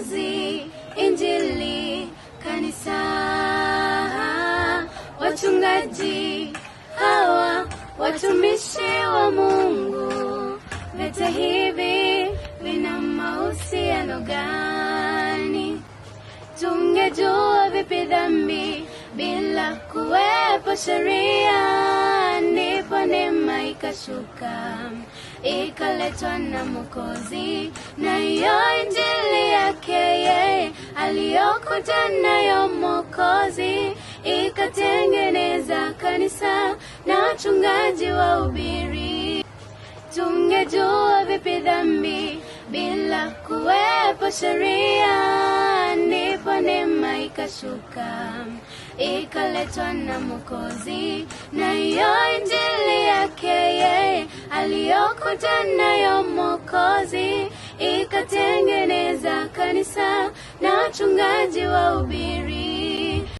kazi, injili, kanisa, wachungaji hawa, watumishi wa Mungu. Vyote hivi vina mahusiano gani? Tungejua vipi dhambi bila kuwepo sheria, ndipo nema ikashuka ikaletwa na na nayo kukutana ya mokozi ikatengeneza kanisa na chungaji wa ubiri. Tungejua vipi dhambi bila kuwepo sheria, ndipo nema ikashuka ikaletwa na mokozi na iyo injili yake yeye aliyokutana nayo mokozi ikatengeneza kanisa na wachungaji wa ubiri